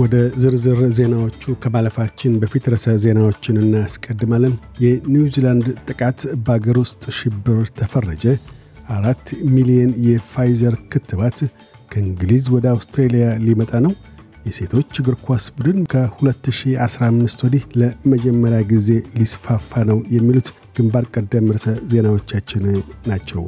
ወደ ዝርዝር ዜናዎቹ ከማለፋችን በፊት ርዕሰ ዜናዎችን እናስቀድማለን። የኒውዚላንድ ጥቃት በአገር ውስጥ ሽብር ተፈረጀ። አራት ሚሊየን የፋይዘር ክትባት ከእንግሊዝ ወደ አውስትሬልያ ሊመጣ ነው። የሴቶች እግር ኳስ ቡድን ከ2015 ወዲህ ለመጀመሪያ ጊዜ ሊስፋፋ ነው። የሚሉት ግንባር ቀደም ርዕሰ ዜናዎቻችን ናቸው።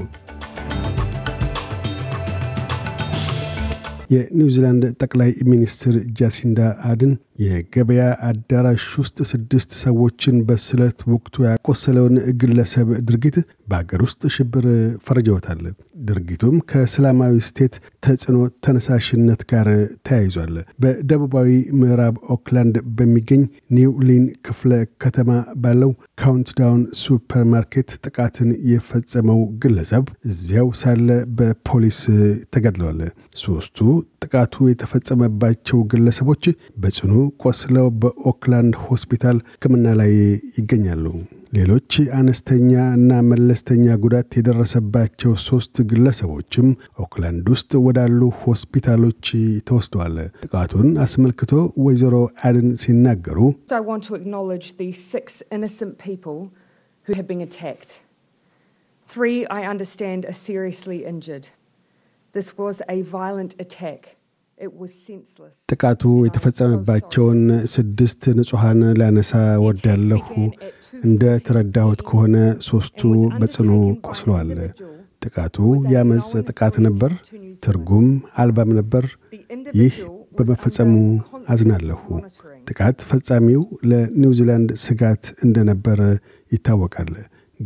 የኒውዚላንድ ጠቅላይ ሚኒስትር ጃሲንዳ አድን የገበያ አዳራሽ ውስጥ ስድስት ሰዎችን በስለት ወቅቱ ያቆሰለውን ግለሰብ ድርጊት በአገር ውስጥ ሽብር ፈርጀውታል። ድርጊቱም ከእስላማዊ ስቴት ተጽዕኖ ተነሳሽነት ጋር ተያይዟል። በደቡባዊ ምዕራብ ኦክላንድ በሚገኝ ኒውሊን ክፍለ ከተማ ባለው ካውንትዳውን ሱፐርማርኬት ጥቃትን የፈጸመው ግለሰብ እዚያው ሳለ በፖሊስ ተገድለዋል። ሶስቱ ጥቃቱ የተፈጸመባቸው ግለሰቦች በጽኑ ቆስለው በኦክላንድ ሆስፒታል ሕክምና ላይ ይገኛሉ። ሌሎች አነስተኛ እና መለስተኛ ጉዳት የደረሰባቸው ሶስት ግለሰቦችም ኦክላንድ ውስጥ ወዳሉ ሆስፒታሎች ተወስደዋል። ጥቃቱን አስመልክቶ ወይዘሮ አድን ሲናገሩ Three, I understand, are seriously injured. ጥቃቱ የተፈጸመባቸውን ስድስት ንጹሐን ላነሳ ወዳለሁ። እንደ ተረዳሁት ከሆነ ሦስቱ በጽኑ ቆስለዋል። ጥቃቱ የአመፅ ጥቃት ነበር፣ ትርጉም አልባም ነበር። ይህ በመፈጸሙ አዝናለሁ። ጥቃት ፈጻሚው ለኒውዚላንድ ስጋት እንደነበር ይታወቃል።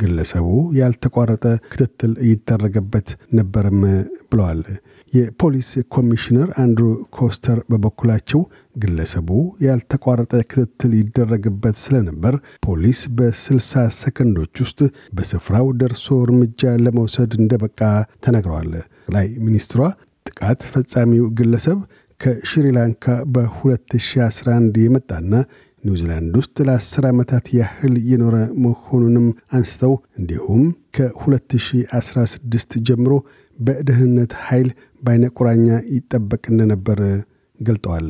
ግለሰቡ ያልተቋረጠ ክትትል ይደረገበት ነበርም ብለዋል። የፖሊስ ኮሚሽነር አንድሩ ኮስተር በበኩላቸው ግለሰቡ ያልተቋረጠ ክትትል ይደረግበት ስለነበር ፖሊስ በ60 ሰከንዶች ውስጥ በስፍራው ደርሶ እርምጃ ለመውሰድ እንደበቃ ተነግረዋል ላይ ሚኒስትሯ ጥቃት ፈጻሚው ግለሰብ ከሽሪላንካ በ2011 የመጣና ኒውዚላንድ ውስጥ ለአስር ዓመታት ያህል የኖረ መሆኑንም አንስተው እንዲሁም ከ2016 ጀምሮ በደህንነት ኃይል በአይነ ቁራኛ ይጠበቅ እንደነበር ገልጠዋል።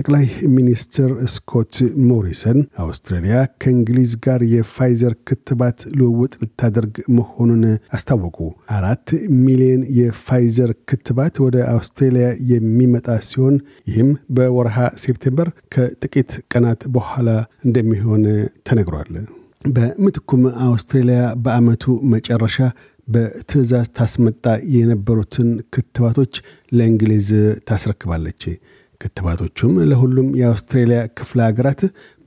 ጠቅላይ ሚኒስትር ስኮት ሞሪሰን አውስትራሊያ ከእንግሊዝ ጋር የፋይዘር ክትባት ልውውጥ ልታደርግ መሆኑን አስታወቁ። አራት ሚሊዮን የፋይዘር ክትባት ወደ አውስትሬሊያ የሚመጣ ሲሆን ይህም በወርሃ ሴፕቴምበር ከጥቂት ቀናት በኋላ እንደሚሆን ተነግሯል። በምትኩም አውስትሬሊያ በአመቱ መጨረሻ በትዕዛዝ ታስመጣ የነበሩትን ክትባቶች ለእንግሊዝ ታስረክባለች። ክትባቶቹም ለሁሉም የአውስትሬልያ ክፍለ ሀገራት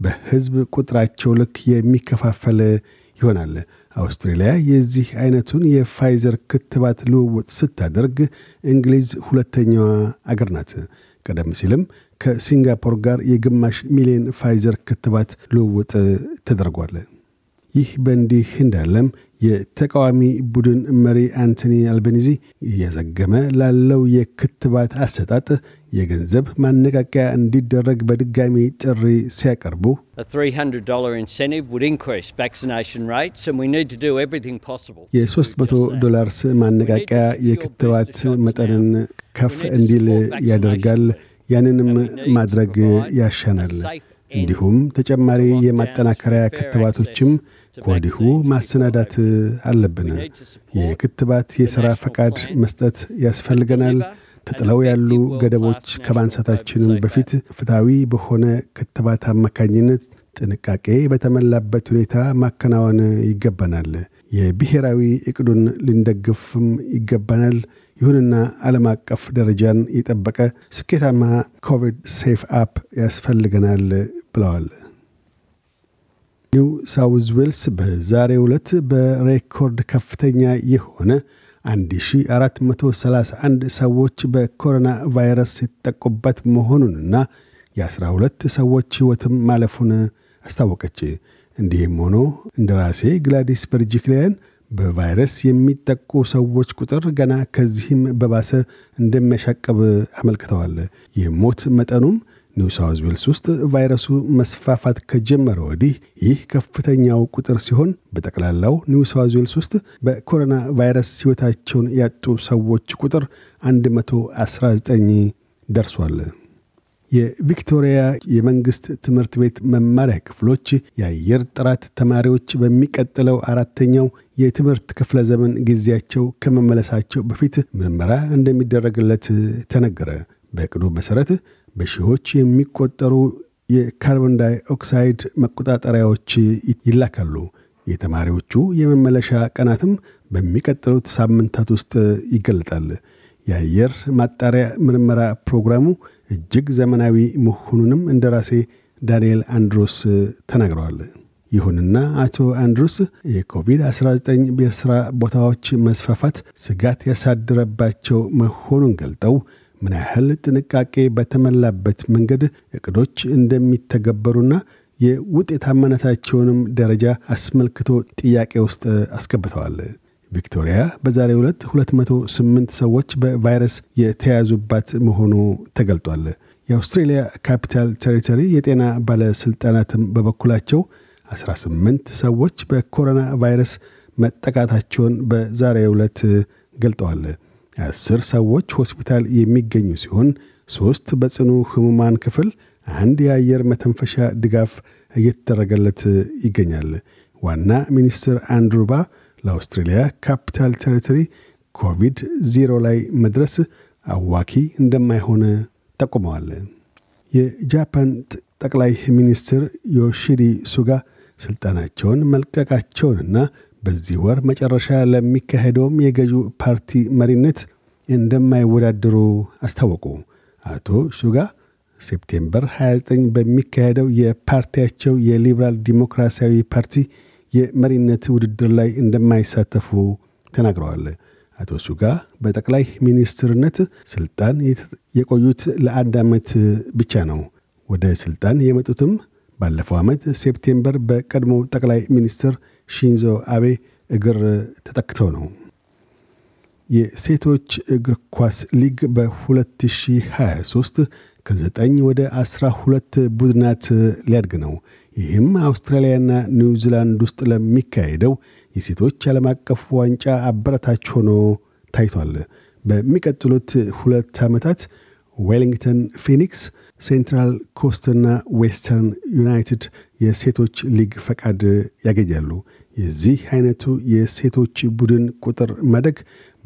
በህዝብ ቁጥራቸው ልክ የሚከፋፈል ይሆናል። አውስትሬልያ የዚህ አይነቱን የፋይዘር ክትባት ልውውጥ ስታደርግ እንግሊዝ ሁለተኛዋ አገር ናት። ቀደም ሲልም ከሲንጋፖር ጋር የግማሽ ሚሊዮን ፋይዘር ክትባት ልውውጥ ተደርጓል። ይህ በእንዲህ እንዳለም የተቃዋሚ ቡድን መሪ አንቶኒ አልቤኒዚ እያዘገመ ላለው የክትባት አሰጣጥ የገንዘብ ማነቃቂያ እንዲደረግ በድጋሚ ጥሪ ሲያቀርቡ የ300 ዶላርስ ማነቃቂያ የክትባት መጠንን ከፍ እንዲል ያደርጋል። ያንንም ማድረግ ያሻናል። እንዲሁም ተጨማሪ የማጠናከሪያ ክትባቶችም ከወዲሁ ማሰናዳት አለብን። የክትባት የሥራ ፈቃድ መስጠት ያስፈልገናል። ተጥለው ያሉ ገደቦች ከማንሳታችንም በፊት ፍትሐዊ በሆነ ክትባት አማካኝነት ጥንቃቄ በተሞላበት ሁኔታ ማከናወን ይገባናል። የብሔራዊ እቅዱን ልንደግፍም ይገባናል። ይሁንና ዓለም አቀፍ ደረጃን የጠበቀ ስኬታማ ኮቪድ ሴፍ አፕ ያስፈልገናል ብለዋል። ኒው ሳውዝ ዌልስ በዛሬው ዕለት በሬኮርድ ከፍተኛ የሆነ 1431 ሰዎች በኮሮና ቫይረስ ሲጠቁበት መሆኑንና የ12 ሰዎች ሕይወትም ማለፉን አስታወቀች። እንዲህም ሆኖ እንደራሴ ግላዲስ በርጂክሊያን በቫይረስ የሚጠቁ ሰዎች ቁጥር ገና ከዚህም በባሰ እንደሚያሻቀብ አመልክተዋል። የሞት መጠኑም ኒው ዌልስ ውስጥ ቫይረሱ መስፋፋት ከጀመረ ወዲህ ይህ ከፍተኛው ቁጥር ሲሆን በጠቅላላው ኒው ዌልስ ውስጥ በኮሮና ቫይረስ ሕይወታቸውን ያጡ ሰዎች ቁጥር 119 ደርሷል። የቪክቶሪያ የመንግስት ትምህርት ቤት መማሪያ ክፍሎች የአየር ጥራት ተማሪዎች በሚቀጥለው አራተኛው የትምህርት ክፍለ ዘመን ጊዜያቸው ከመመለሳቸው በፊት ምርመራ እንደሚደረግለት ተነገረ። በቅዱ መሠረት በሺዎች የሚቆጠሩ የካርቦን ዳይኦክሳይድ መቆጣጠሪያዎች ይላካሉ። የተማሪዎቹ የመመለሻ ቀናትም በሚቀጥሉት ሳምንታት ውስጥ ይገለጣል። የአየር ማጣሪያ ምርመራ ፕሮግራሙ እጅግ ዘመናዊ መሆኑንም እንደ ራሴ ዳንኤል አንድሮስ ተናግረዋል። ይሁንና አቶ አንድሮስ የኮቪድ-19 የሥራ ቦታዎች መስፋፋት ስጋት ያሳድረባቸው መሆኑን ገልጠው ምን ያህል ጥንቃቄ በተሞላበት መንገድ እቅዶች እንደሚተገበሩና የውጤታማነታቸውንም ደረጃ አስመልክቶ ጥያቄ ውስጥ አስገብተዋል። ቪክቶሪያ በዛሬ ሁለት 208 ሰዎች በቫይረስ የተያዙባት መሆኑ ተገልጧል። የአውስትሬልያ ካፒታል ቴሪቶሪ የጤና ባለሥልጣናትም በበኩላቸው 18 ሰዎች በኮሮና ቫይረስ መጠቃታቸውን በዛሬ ሁለት ገልጠዋል። አስር ሰዎች ሆስፒታል የሚገኙ ሲሆን ሦስት በጽኑ ህሙማን ክፍል፣ አንድ የአየር መተንፈሻ ድጋፍ እየተደረገለት ይገኛል። ዋና ሚኒስትር አንድሩባ ለአውስትሬልያ ካፒታል ቴሪቶሪ ኮቪድ ዜሮ ላይ መድረስ አዋኪ እንደማይሆን ጠቁመዋል። የጃፓን ጠቅላይ ሚኒስትር ዮሺዲ ሱጋ ስልጣናቸውን መልቀቃቸውንና በዚህ ወር መጨረሻ ለሚካሄደውም የገዢ ፓርቲ መሪነት እንደማይወዳደሩ አስታወቁ። አቶ ሹጋ ሴፕቴምበር 29 በሚካሄደው የፓርቲያቸው የሊበራል ዲሞክራሲያዊ ፓርቲ የመሪነት ውድድር ላይ እንደማይሳተፉ ተናግረዋል። አቶ ሱጋ በጠቅላይ ሚኒስትርነት ስልጣን የቆዩት ለአንድ ዓመት ብቻ ነው። ወደ ስልጣን የመጡትም ባለፈው ዓመት ሴፕቴምበር በቀድሞ ጠቅላይ ሚኒስትር ሺንዞ አቤ እግር ተጠክተው ነው። የሴቶች እግር ኳስ ሊግ በ2023 ከ9 ወደ 12 ቡድናት ሊያድግ ነው። ይህም አውስትራሊያና ኒውዚላንድ ውስጥ ለሚካሄደው የሴቶች ዓለም አቀፍ ዋንጫ አበረታች ሆኖ ታይቷል። በሚቀጥሉት ሁለት ዓመታት ዌሊንግተን ፊኒክስ፣ ሴንትራል ኮስትና ዌስተርን ዩናይትድ የሴቶች ሊግ ፈቃድ ያገኛሉ። የዚህ አይነቱ የሴቶች ቡድን ቁጥር ማደግ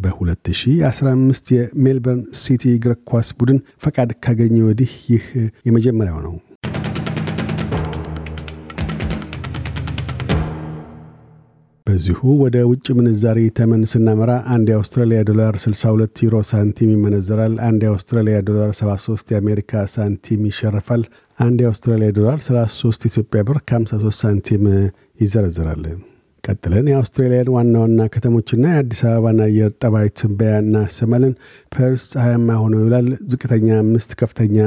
በ2015 የሜልበርን ሲቲ እግር ኳስ ቡድን ፈቃድ ካገኘ ወዲህ ይህ የመጀመሪያው ነው። በዚሁ ወደ ውጭ ምንዛሪ ተመን ስናመራ አንድ የአውስትራሊያ ዶላር 62 ዩሮ ሳንቲም ይመነዘራል። አንድ የአውስትራሊያ ዶላር 73 የአሜሪካ ሳንቲም ይሸርፋል። አንድ የአውስትራሊያ ዶላር 33 ኢትዮጵያ ብር ከ53 ሳንቲም ይዘረዝራል። ቀጥለን የአውስትራሊያን ዋና ዋና ከተሞችና የአዲስ አበባን አየር ጠባይ ትንበያ እናሰማለን። ፐርስ ፀሐያማ ሆኖ ይውላል። ዝቅተኛ አምስት ከፍተኛ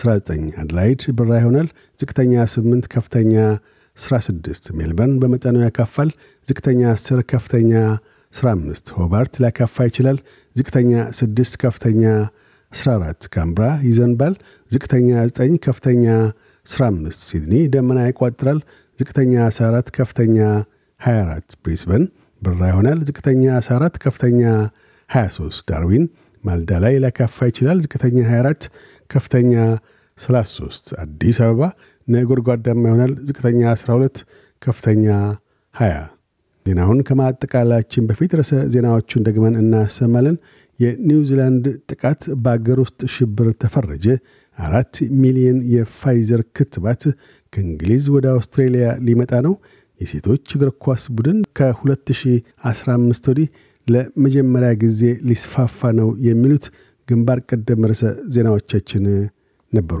ዘጠኝ አድላይድ ብራ ይሆናል። ዝቅተኛ 8 ከፍተኛ ስድስት ሜልበርን በመጠኑ ያካፋል። ዝቅተኛ አስር ከፍተኛ አምስት ሆባርት ሊያካፋ ይችላል። ዝቅተኛ 6 ከፍተኛ 14። ካምብራ ይዘንባል። ዝቅተኛ 9 ከፍተኛ አምስት ሲድኒ ደመና ይቋጥራል። ዝቅተኛ አራት ከፍተኛ 24 ብሪስበን ብራ ይሆናል። ዝቅተኛ 14፣ ከፍተኛ 23። ዳርዊን ማልዳ ላይ ሊያካፋ ይችላል። ዝቅተኛ 24፣ ከፍተኛ 33። አዲስ አበባ ነጎድጓዳማ ይሆናል። ዝቅተኛ 12፣ ከፍተኛ 20። ዜናውን ከማጠቃላችን በፊት ርዕሰ ዜናዎቹን ደግመን እናሰማለን። የኒውዚላንድ ጥቃት በአገር ውስጥ ሽብር ተፈረጀ። አራት ሚሊዮን የፋይዘር ክትባት ከእንግሊዝ ወደ አውስትሬልያ ሊመጣ ነው። የሴቶች እግር ኳስ ቡድን ከ2015 ወዲህ ለመጀመሪያ ጊዜ ሊስፋፋ ነው የሚሉት ግንባር ቀደም ርዕሰ ዜናዎቻችን ነበሩ።